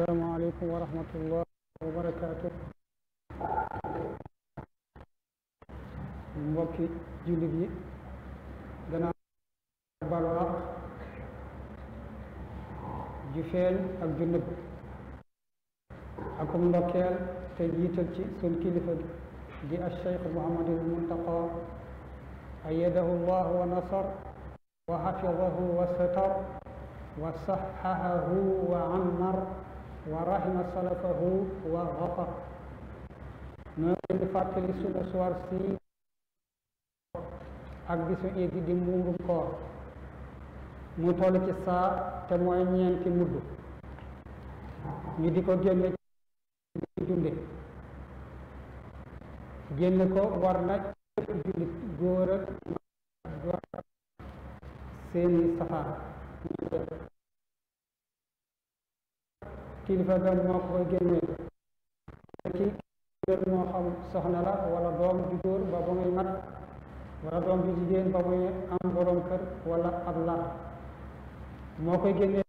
السلام عليكم ورحمة الله وبركاته مبكي جلبي دنا بالوا جفيل أجنب أكون بكيل تجيت الشيء سلكي لفد دي الشيخ محمد المنتقى أيده الله ونصر وحفظه وستر وصححه وعمر wa rahima salafahu wa ghafar ñoo ngi leen di fàttali suba soir ak bisu iid di mbuumbum koor mu toll ci saa te mooy ñeenti mudd ñu di ko génne ci dunde génne ko war na ci jullit góor ak seeni safaan kilifa gan moo ko koy génnee ki moo xam soxna la wala doom ju góor ba ba muy mat wala doom ju jigéen ba muy am borom kër wala ab lar moo koy génnee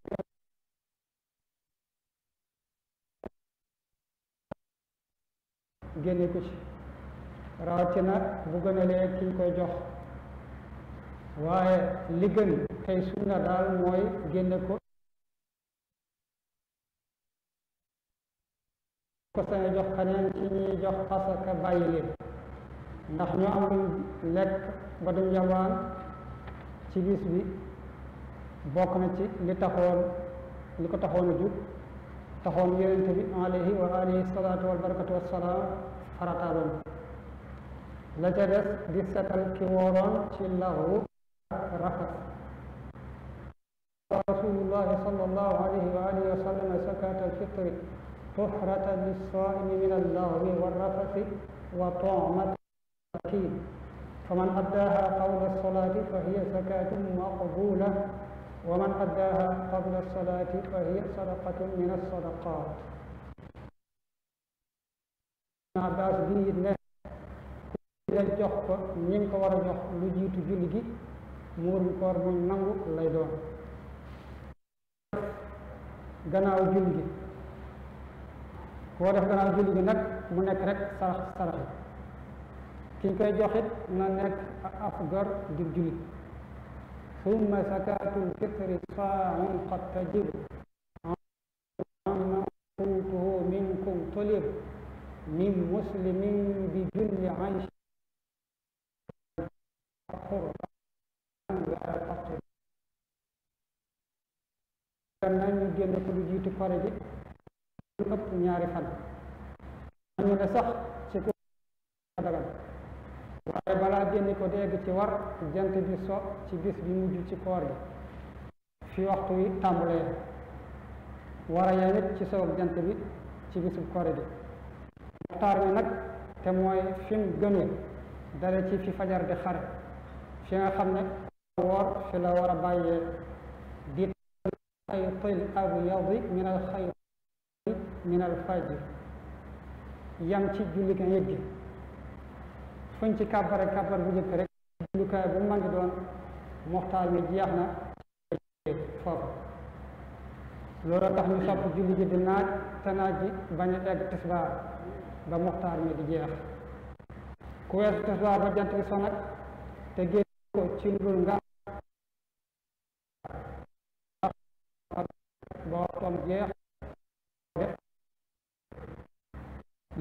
ko ci rawatina bu gën a lee koy jox waaye li gën tey sunna daal mooy génne ko ko sañ a jox xaneen ci ñuy jox asaka bàyyi leen ndax ñu am luñ lekk ba duñ yalwaan ci bis bi bokk na ci li taxoon li ko taxoon a jug taxoon yonent bi alayhi wa alihi salaatu wal barakatu wassalaam farataaloon la ca des di setal ki wooroon ci laxu ak rafas rasulullahi sallallahu alayhi wa alihi wa sallam zakat al fitri طهرة للصائم من اللغو والرفث وطعمة الأكيد فمن أداها قبل الصلاة فهي زكاة مقبولة ومن أداها قبل الصلاة فهي صدقة من الصدقات ابن عباس jox ko ñi ko jox lu julli gi koor mu nangu lay doon gannaaw julli gi boo def gannaaw julli gi nag mu nekk rek sarax saraxe kiñ koy joxit na nekk af gor di julli summa zakatul fitri saamun qad tajib amma kuntuhu minkum tulib min muslimin bi julli an qurban nañu génn ko lu jiitu kore ji lu ëpp ñaari fan am ñu ne ci ku dagal waaye balaa génn ko dégg ci war jant bi so ci bis bi mujj ci koor gi fi waxtu wi tàmbalee war a yem it ci soog jant bi ci bisub koor gi waxtaar mi nag te mooy fi mu gënee ci fi fajar di xare fi nga xam ne woor fi la war a bàyyee di ay til abu yadi min al xayr minal fajr yam ci julli ga yëg gi fuñ ci kàbbare kàbbar bu jëkk rek jullukaay bu man doon moxtaar mi jeex na foofu loolu tax ñu sopp julli ji di naaj te naaj ji bañ a egg tisbaar ba moxtaar mi di jeex ku weesu tisbaar ba jant bi so te génn ci lu nga ba waxtoom jeex